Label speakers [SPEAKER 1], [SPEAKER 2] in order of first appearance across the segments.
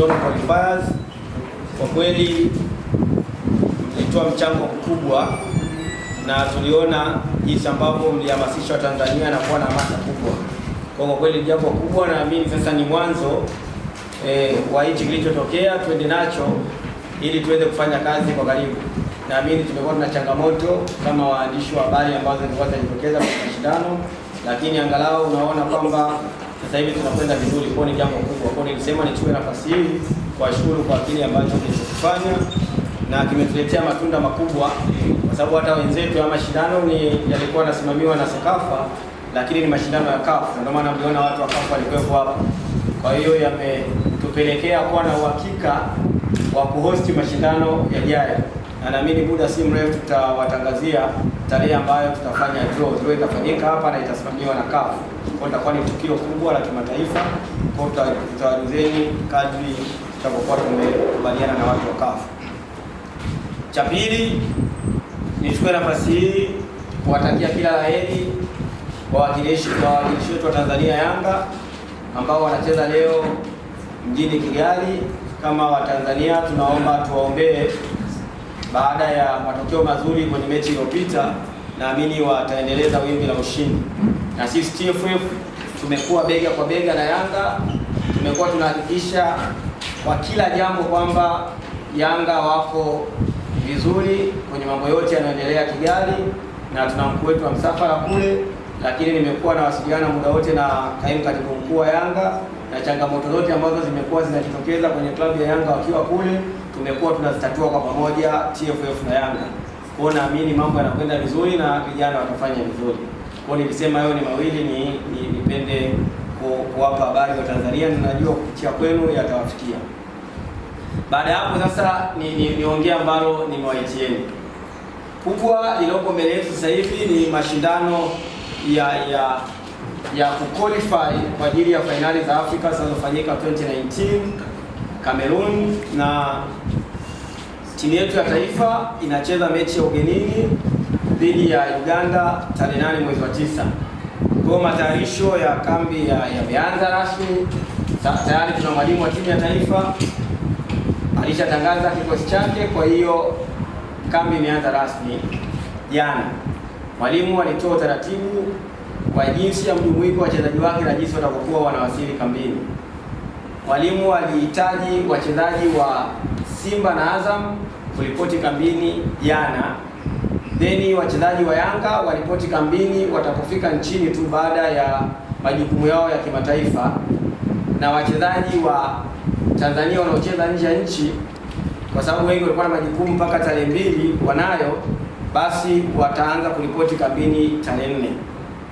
[SPEAKER 1] zone qualifiers. Kwa kweli mlitoa mchango mkubwa na tuliona jinsi ambavyo mlihamasisha Tanzania na kuwa na hamasa kubwa. Kwa kwa kweli jambo kubwa, naamini sasa ni mwanzo e, wa hichi kilichotokea, twende nacho ili tuweze kufanya kazi kwa karibu. Naamini tumekuwa tuna changamoto kama waandishi wa habari ambazo zilikuwa zinajitokeza kwa mashindano, lakini angalau unaona kwamba sasa hivi tunakwenda vizuri, kwa ni jambo kubwa. Kwa nilisema nichukue nafasi hii kuwashukuru kwa kile ambacho mlichokifanya na kimetuletea matunda makubwa, kwa sababu hata wenzetu ya mashindano ni yalikuwa nasimamiwa na Sekafa, lakini ni mashindano ya Kafu, ndio maana mliona watu wa Kafu walikuwepo hapa. Kwa hiyo yametupelekea kuwa na uhakika wa kuhosti mashindano yajayo, na naamini muda si mrefu tutawatangazia tarehe ambayo tutafanya draw. Draw itafanyika hapa na itasimamiwa na Kafu. Kwa itakuwa ni tukio kubwa la kimataifa, kwa tutawaelezeni kadri tutakokuwa tumekubaliana na watu wa CAF. Cha pili, nichukue nafasi hii kuwatakia kila laheri wawakilishi wawakilishi wetu wa Tanzania Yanga ambao wanacheza leo mjini Kigali. Kama Watanzania tunaomba tuwaombee, baada ya matokeo mazuri kwenye mechi iliyopita, naamini wataendeleza wimbi la ushindi na sisi TFF tumekuwa bega kwa bega na Yanga, tumekuwa tunahakikisha kwa kila jambo kwamba Yanga wako vizuri kwenye mambo yote yanayoendelea Kigali, na tuna mkuu wetu wa msafara kule, lakini nimekuwa nawasiliana muda wote na kaimu katibu mkuu wa Yanga na changamoto zote ambazo zimekuwa zinajitokeza kwenye klabu ya Yanga wakiwa kule, tumekuwa tunazitatua kwa pamoja TFF na Yanga. Kwa naamini mambo yanakwenda vizuri na vijana watafanya vizuri. Kwa nilisema hayo ni mawili ni, ni nipende kuwapa habari wa Tanzania, ninajua kupitia kwenu yatawafikia. Baada ya hapo sasa niongea ni, ni ambalo nimewaitieni kubwa lililoko mbele yetu sasa hivi ni mashindano ya ya ya kuqualify kwa ajili ya fainali za Afrika zinazofanyika 2019 Cameroon, na timu yetu ya taifa inacheza mechi ya ugenini dhidi ya Uganda tarehe 8 mwezi wa 9. Kwa matayarisho ya kambi yameanza ya rasmi. Tayari tuna mwalimu wa timu ya taifa alishatangaza kikosi chake, kwa hiyo kambi imeanza rasmi jana. Mwalimu alitoa utaratibu kwa jinsi ya mjumuiko wa wachezaji wake na jinsi watakokuwa wanawasili kambini. Mwalimu alihitaji wachezaji wa Simba na Azam kuripoti kambini jana Deni, wachezaji wa Yanga waripoti kambini watapofika nchini tu baada ya majukumu yao ya kimataifa, na wachezaji wa Tanzania wanaocheza nje ya nchi, kwa sababu wengi walikuwa na majukumu mpaka tarehe mbili wanayo, basi wataanza kuripoti kambini tarehe nne,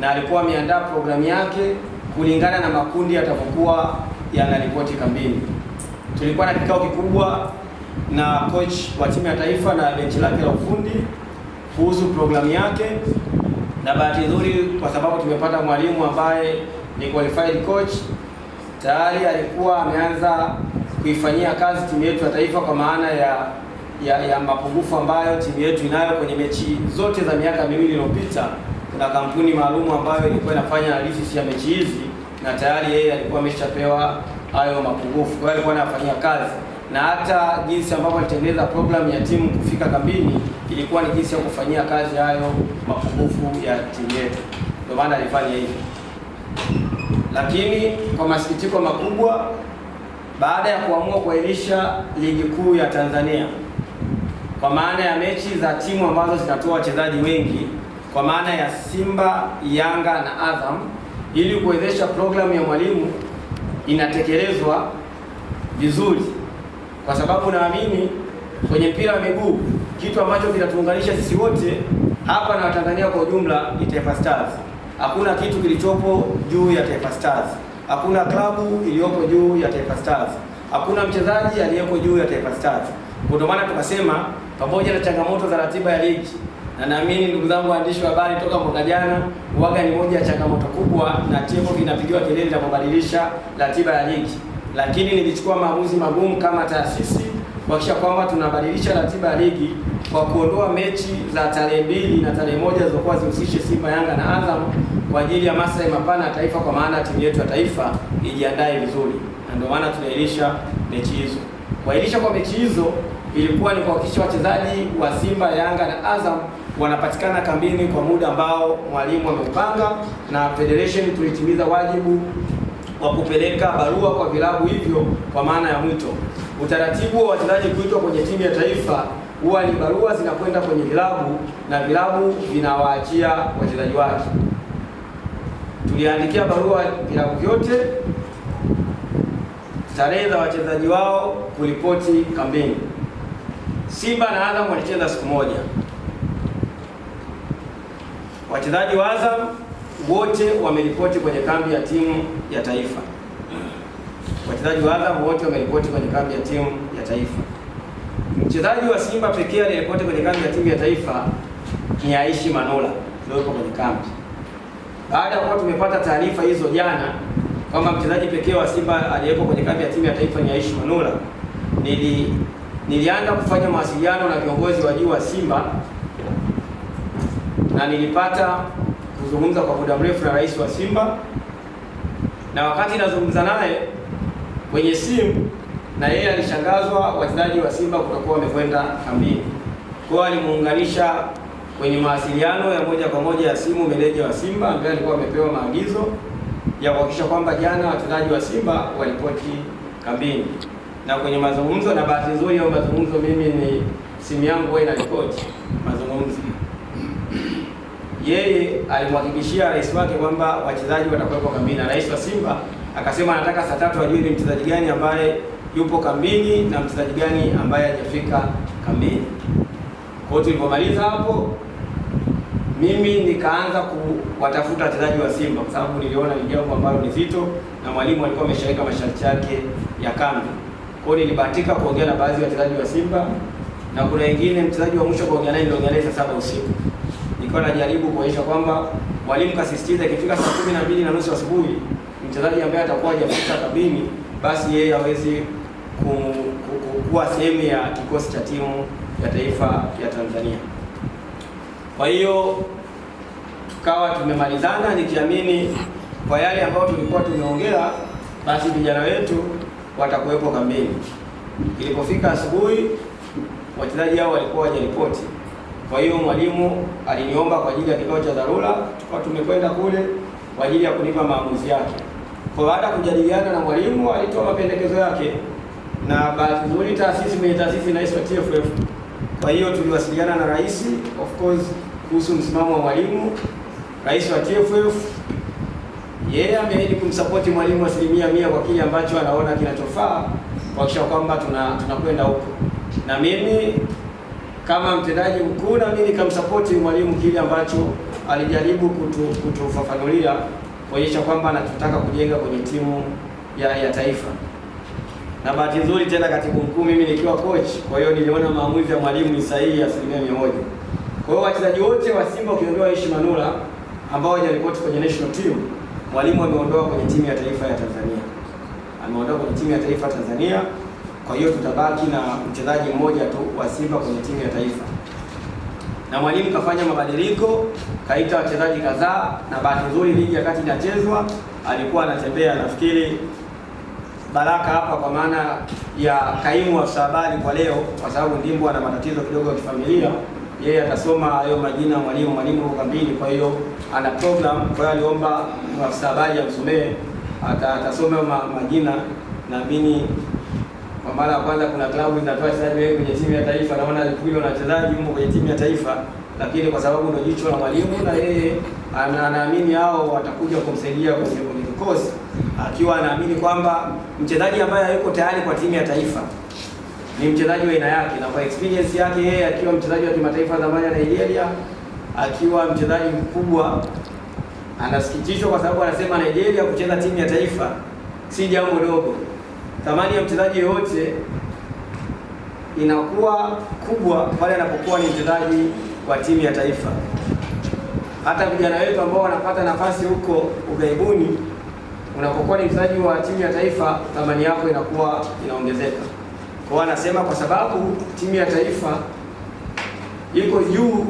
[SPEAKER 1] na alikuwa ameandaa programu yake kulingana na makundi yatakapokuwa yanaripoti kambini. Tulikuwa na kikao kikubwa na coach wa timu ya taifa na benchi lake la ufundi kuhusu programu yake, na bahati nzuri kwa sababu tumepata mwalimu ambaye ni qualified coach, tayari alikuwa ameanza kuifanyia kazi timu yetu ya taifa kwa maana ya ya, ya mapungufu ambayo timu yetu inayo kwenye mechi zote za miaka miwili iliyopita. Kuna kampuni maalumu ambayo ilikuwa inafanya analysis ya mechi hizi na tayari yeye alikuwa ameshapewa hayo mapungufu, kwa hiyo alikuwa anafanyia kazi na hata jinsi ambavyo alitengeneza programu ya timu kufika kambini ilikuwa ni jinsi ya kufanyia kazi hayo mapungufu ya timu yetu, ndio maana alifanya hivyo. Lakini kwa masikitiko makubwa, baada ya kuamua kuahirisha ligi kuu ya Tanzania kwa maana ya mechi za timu ambazo zinatoa wachezaji wengi kwa maana ya Simba, Yanga na Azam ili kuwezesha programu ya mwalimu inatekelezwa vizuri kwa sababu naamini kwenye mpira wa miguu kitu ambacho kinatuunganisha sisi wote hapa na Watanzania kwa ujumla ni Taifa Stars. Hakuna kitu kilichopo juu ya Taifa Stars, hakuna klabu iliyopo juu ya Taifa Stars, hakuna mchezaji aliyeko juu ya Taifa Stars. Ndio maana tukasema pamoja na changamoto za ratiba ya ligi na naamini ndugu zangu waandishi wa habari, toka mwaka jana waga ni moja ya changamoto kubwa, na TFF inapigiwa kelele za kubadilisha ratiba ya ligi lakini nilichukua maamuzi magumu kama taasisi kuhakikisha kwamba tunabadilisha ratiba ya ligi kwa kuondoa mechi za tarehe mbili na tarehe moja zilizokuwa zihusishe Simba, Yanga na Azam kwa ajili ya maslahi mapana ya taifa, kwa maana timu yetu ya taifa ijiandae vizuri, na ndio maana tunailisha mechi hizo. Kuailisha kwa mechi hizo ilikuwa ni kuhakikisha wachezaji wa Simba, Yanga na Azam wanapatikana kambini kwa muda ambao mwalimu ameupanga, na federation tulitimiza wajibu wa kupeleka barua kwa vilabu hivyo kwa maana ya mwito. Utaratibu wa wachezaji kuitwa kwenye timu ya taifa huwa ni barua zinakwenda kwenye vilabu na vilabu vinawaachia wachezaji wake. Tuliandikia barua vilabu vyote tarehe za wachezaji wao kuripoti kambini. Simba na Azam walicheza siku moja, wachezaji wa Azam wote wameripoti kwenye kambi ya timu ya taifa. Wachezaji wa Azam wote wameripoti kwenye kambi ya timu ya taifa. Mchezaji wa Simba pekee aliyeripoti kwenye kambi ya timu ya taifa ni Aishi Manola ndio kwenye kambi. Baada ya kuwa tumepata taarifa hizo jana kwamba mchezaji pekee wa Simba aliyepo kwenye kambi ya timu ya taifa ni Aishi Manola, nili nilianza kufanya mawasiliano na viongozi wa juu wa Simba na nilipata kuzungumza kwa muda mrefu na rais wa Simba, na wakati nazungumza naye kwenye simu, na yeye alishangazwa wachezaji wa Simba kutokuwa wamekwenda kambini. Kwa alimuunganisha kwenye mawasiliano ya moja kwa moja ya simu meneja wa Simba ambaye alikuwa amepewa maagizo ya kuhakikisha kwamba jana wachezaji wa Simba walipoti kambini na kwenye mazungumzo, na bahati nzuri hayo mazungumzo mimi ni simu yangu wewe na ripoti yeye alimhakikishia rais wake kwamba wachezaji watakuwepo kambini, na rais wa Simba akasema anataka saa tatu ajue ni mchezaji gani ambaye yupo kambini na mchezaji gani ambaye hajafika kambini. Kwa hiyo tulipomaliza hapo, mimi nikaanza kuwatafuta wachezaji wa Simba kwa sababu niliona ni jambo ambalo ni zito na mwalimu alikuwa ameshaweka masharti yake ya kambi. Kwa hiyo nilibahatika kuongea na baadhi ya wachezaji wa Simba na kuna wengine mchezaji wa mwisho kuongea naye niliongea naye saa saba usiku nilikuwa najaribu kuonyesha kwamba mwalimu kasisitiza ikifika saa kumi na mbili na nusu asubuhi mchezaji ambaye atakuwa hajafika kabini, basi yeye hawezi kuwa sehemu ya kikosi cha timu ya taifa ya Tanzania. Kwa hiyo tukawa tumemalizana nikiamini kwa yale ambayo tulikuwa tumeongea, basi vijana wetu watakuwepo kambini. Ilipofika asubuhi, wachezaji hao walikuwa hawajaripoti. Kwa hiyo mwalimu aliniomba kwa ajili ya kikao cha dharura, tukawa tumekwenda kule kwa ajili ya kunipa maamuzi yake. Kwa baada ya kujadiliana na mwalimu, alitoa mapendekezo yake, na bahati nzuri taasisi mwenye taasisi inaitwa TFF. Kwa hiyo tuliwasiliana na rais, of course, kuhusu msimamo wa mwalimu. Rais wa TFF yeye yeah, ameahidi kumsapoti mwalimu asilimia mia kwa kile ambacho anaona kinachofaa kuhakikisha kwamba tunakwenda tuna huko na mimi kama mtendaji mkuu, na mimi nikamsapoti mwalimu kile ambacho alijaribu kutu, kutufafanulia kuonyesha kwamba anatutaka kujenga kwenye timu ya, ya taifa. Na bahati nzuri tena katibu mkuu mimi nikiwa coach, kwa hiyo niliona maamuzi ya mwalimu ni sahihi asilimia mia moja. Kwa hiyo wachezaji wote wa Simba wakiondoa Aishi Manula ambao hawajaripoti kwenye national team, mwalimu ameondoa kwenye timu ya taifa ya Tanzania, ameondoa kwenye timu ya taifa Tanzania. Kwa hiyo tutabaki na mchezaji mmoja tu wa Simba kwenye timu ya taifa, na mwalimu kafanya mabadiliko, kaita wachezaji kadhaa, na bahati nzuri ligi wakati inachezwa alikuwa anatembea, nafikiri Baraka hapa, kwa maana ya kaimu afisa habari kwa leo, kwa sababu Ndimbo ana matatizo kidogo ya kifamilia yeye atasoma hayo majina mwalimu mwalimu kambini, kwa hiyo ana program. Kwa hiyo aliomba afisa habari amsomee, atasoma majina na mimi kwa mara ya kwanza kuna klabu inatoa wachezaji wengi kwenye timu ya taifa. Naona alikuwa na wachezaji huko kwenye timu ya taifa, lakini kwa sababu ndio jicho la mwalimu na yeye anaamini hao watakuja kumsaidia kwenye kikosi, akiwa anaamini kwamba mchezaji ambaye yuko tayari kwa timu ya taifa ni mchezaji wa aina yake, na kwa experience yake yeye akiwa mchezaji wa kimataifa zamani ya Nigeria, akiwa mchezaji mkubwa, anasikitishwa kwa sababu anasema Nigeria kucheza timu ya taifa si jambo dogo thamani ya mchezaji yoyote inakuwa kubwa pale anapokuwa ni mchezaji wa timu ya taifa. Hata vijana wetu ambao wanapata nafasi huko ughaibuni, unapokuwa ni mchezaji wa timu ya taifa, thamani yako inakuwa inaongezeka. Kwa anasema kwa sababu timu ya taifa iko juu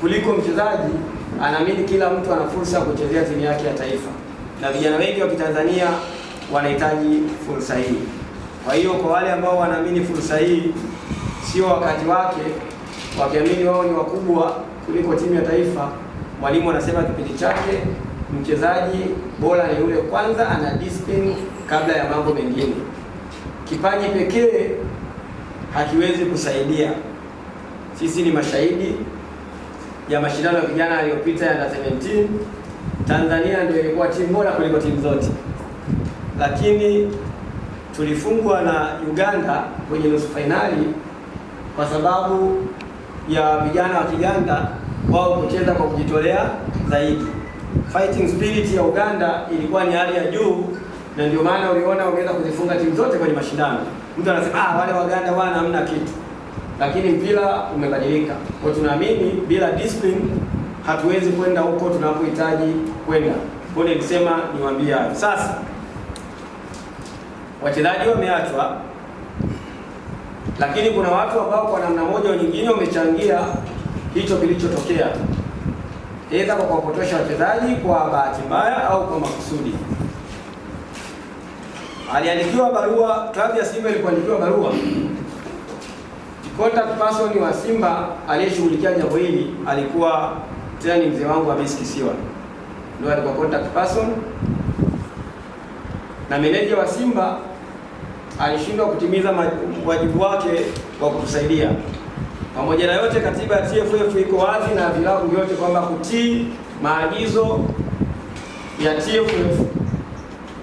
[SPEAKER 1] kuliko mchezaji, anaamini kila mtu ana fursa ya kuchezea timu yake ya taifa, na vijana wengi wa Kitanzania wanahitaji fursa hii. Kwa hiyo kwa wale ambao wanaamini fursa hii sio wakati wake, wakiamini wao ni wakubwa kuliko timu ya taifa, mwalimu anasema kipindi chake mchezaji bora ni yule kwanza ana discipline kabla ya mambo mengine. Kipaji pekee hakiwezi kusaidia. Sisi ni mashahidi ya mashindano ya vijana yaliyopita ya 17. Tanzania ndio ilikuwa timu bora kuliko timu zote lakini tulifungwa na Uganda kwenye nusu fainali kwa sababu ya vijana wa Kiganda wao kucheza kwa kujitolea zaidi. Fighting spirit ya Uganda ilikuwa ni hali ya juu, na ndio maana uliona wameweza kuzifunga timu zote kwenye mashindano. Mtu anasema ah, wale Waganda wana hamna kitu, lakini mpira umebadilika. Kwa tunaamini bila discipline hatuwezi kwenda huko tunapohitaji kwenda. Kwa nilisema niwaambie sasa wachezaji wameachwa, lakini kuna watu ambao kwa namna moja au nyingine wamechangia hicho kilichotokea, aidha kwa kuwapotosha wachezaji kwa bahati mbaya au kwa makusudi. Aliandikiwa barua, klabu ya Simba ilikuandikiwa barua Contact person wa Simba aliyeshughulikia jambo hili alikuwa tena ni mzee wangu Hamisi Kisiwa, ndio alikuwa contact person na meneja wa Simba alishindwa kutimiza wajibu wake wa kutusaidia. Pamoja na yote, katiba ya TFF iko wazi na vilabu vyote kwamba kutii maagizo ya TFF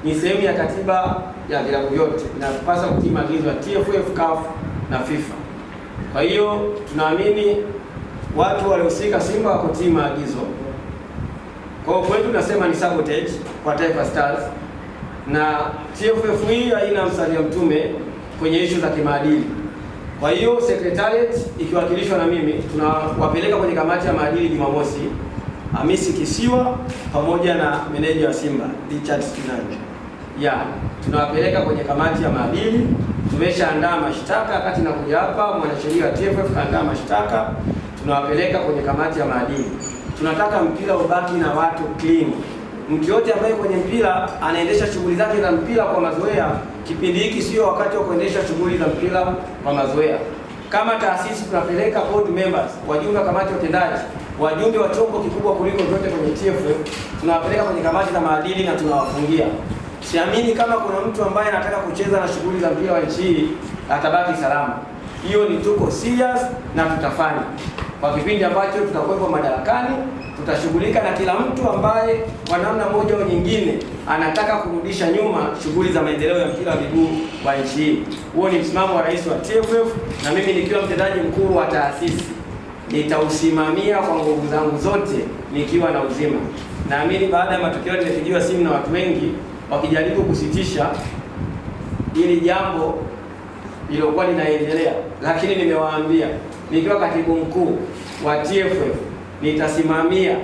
[SPEAKER 1] ni sehemu ya katiba ya vilabu vyote, inapasa kutii maagizo ya TFF, CAF na FIFA. Kwa hiyo tunaamini watu waliohusika Simba wakutii maagizo. Kwa hiyo kwetu tunasema ni sabotage kwa Taifa Stars na TFF hii haina msali ya mtume kwenye ishu za kimaadili. Kwa hiyo secretariat ikiwakilishwa na mimi tunawapeleka kwenye kamati ya maadili Jumamosi, Hamisi Kisiwa pamoja na meneja wa Simba Richard Sinanjo ya tunawapeleka kwenye kamati ya maadili. Tumeshaandaa mashtaka, wakati na kuja hapa mwanasheria wa TFF kaandaa mashtaka, tunawapeleka kwenye kamati ya maadili. Tunataka mpira ubaki na watu clean. Mtu yote ambaye kwenye mpira anaendesha shughuli zake za mpira kwa mazoea, kipindi hiki sio wakati wa kuendesha shughuli za mpira kwa mazoea. Kama taasisi tunapeleka board members, wajumbe wa kamati utendaji, wajumbe wa chombo kikubwa kuliko vyote kwenye TFF, tunawapeleka kwenye kamati za maadili na tunawafungia. Siamini kama kuna mtu ambaye anataka kucheza na shughuli za mpira wa nchi hii atabaki salama. Hiyo ni tuko serious na tutafanya kwa kipindi ambacho tutakuwepo madarakani, tutashughulika na kila mtu ambaye kwa namna moja au nyingine anataka kurudisha nyuma shughuli za maendeleo ya mpira wa miguu wa nchi hii. Huo ni msimamo wa rais wa TFF, na mimi nikiwa mtendaji mkuu wa taasisi nitausimamia kwa nguvu zangu zote nikiwa na uzima. Naamini baada ya matokeo, nimepigiwa simu na watu wengi wakijaribu kusitisha ili jambo lilokuwa linaendelea, lakini nimewaambia nikiwa katibu mkuu wa TFF nitasimamia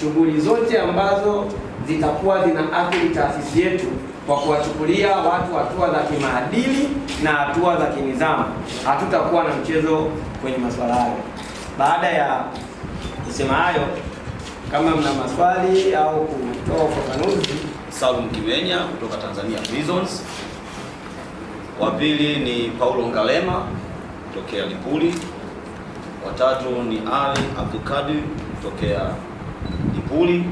[SPEAKER 1] shughuli zote ambazo zitakuwa zina athiri taasisi yetu kwa kuwachukulia watu hatua za kimaadili na hatua za kinidhamu. Hatutakuwa na mchezo kwenye masuala hayo. Baada ya kusema hayo, kama mna maswali au kutoa ufafanuzi.
[SPEAKER 2] Salum Kimenya kutoka Tanzania Prisons. Wa pili ni Paulo Ngalema kutokea Lipuli watatu ni Ali Abdulkadir kutokea dipuli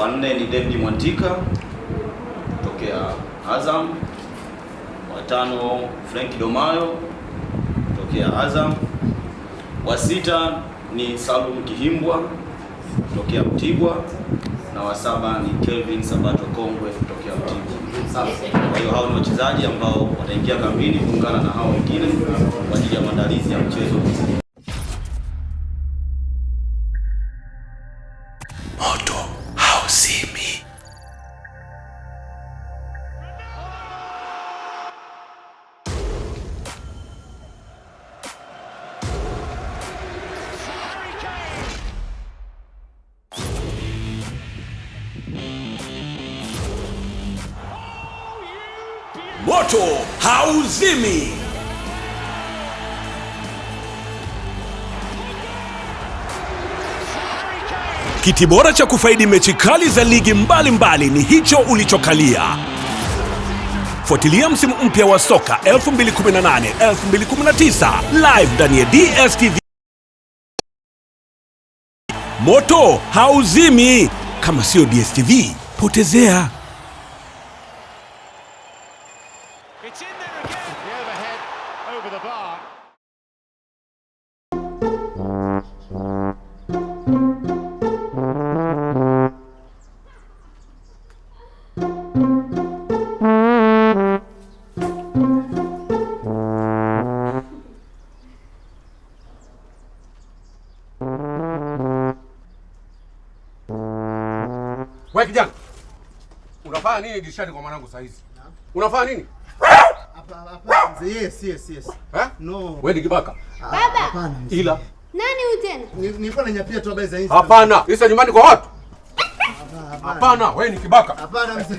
[SPEAKER 2] wanne ni David Mwantika kutokea Azam, watano Frank Domayo kutokea Azam, wa sita ni Salum Kihimbwa kutokea Mtibwa na wa saba ni Kelvin Sabato Kongwe kutokea Mtibwa. Kwa hiyo hao ni wachezaji ambao wataingia kambini kuungana na hao wengine kwa ajili ya maandalizi ya mchezo. moto hauzimi. Kiti bora cha kufaidi mechi kali za ligi mbalimbali mbali ni hicho ulichokalia. Fuatilia msimu
[SPEAKER 3] mpya wa soka 2018 2019 live ndani ya DStv. Moto hauzimi. Kama sio DStv, potezea. kijana, unafanya nini dirishani kwa mwanangu saa hizi? Unafanya nini?
[SPEAKER 4] Yes, yes, yes.
[SPEAKER 3] Eh? No. Wewe ni kibaka.
[SPEAKER 5] Ah, Baba. Ila. Nani huyu tena?
[SPEAKER 4] Nilikuwa nanyapia tu habari za hizi.
[SPEAKER 3] Hapana. Isa nyumbani kwa watu? Hapana. Wewe ni kibaka.
[SPEAKER 4] Hapana mzee.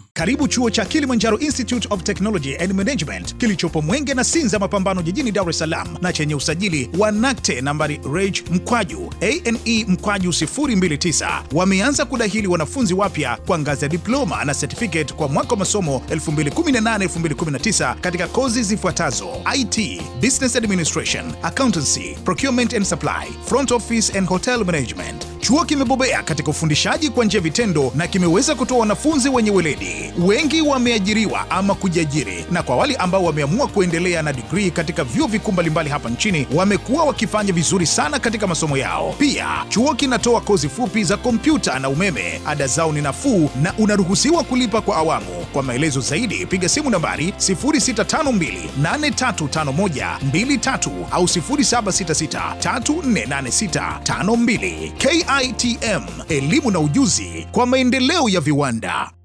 [SPEAKER 6] Karibu chuo cha Kilimanjaro Institute of Technology and Management kilichopo Mwenge na Sinza Mapambano jijini Dar es Salaam na chenye usajili wa NACTE nambari REG mkwaju ane mkwaju 029 wameanza kudahili wanafunzi wapya kwa ngazi ya diploma na certificate kwa mwaka wa masomo 2018-2019 katika kozi zifuatazo: IT, Business Administration, Accountancy, Procurement and Supply, Front Office and Hotel Management. Chuo kimebobea katika ufundishaji kwa njia vitendo na kimeweza kutoa wanafunzi wenye weledi wengi wameajiriwa ama kujiajiri, na kwa wale ambao wameamua kuendelea na digrii katika vyuo vikuu mbalimbali hapa nchini wamekuwa wakifanya vizuri sana katika masomo yao. Pia chuo kinatoa kozi fupi za kompyuta na umeme, ada zao ni nafuu na unaruhusiwa kulipa kwa awamu. Kwa maelezo zaidi piga simu nambari 0652835123 au 0766348652. KITM, elimu na ujuzi kwa maendeleo ya viwanda.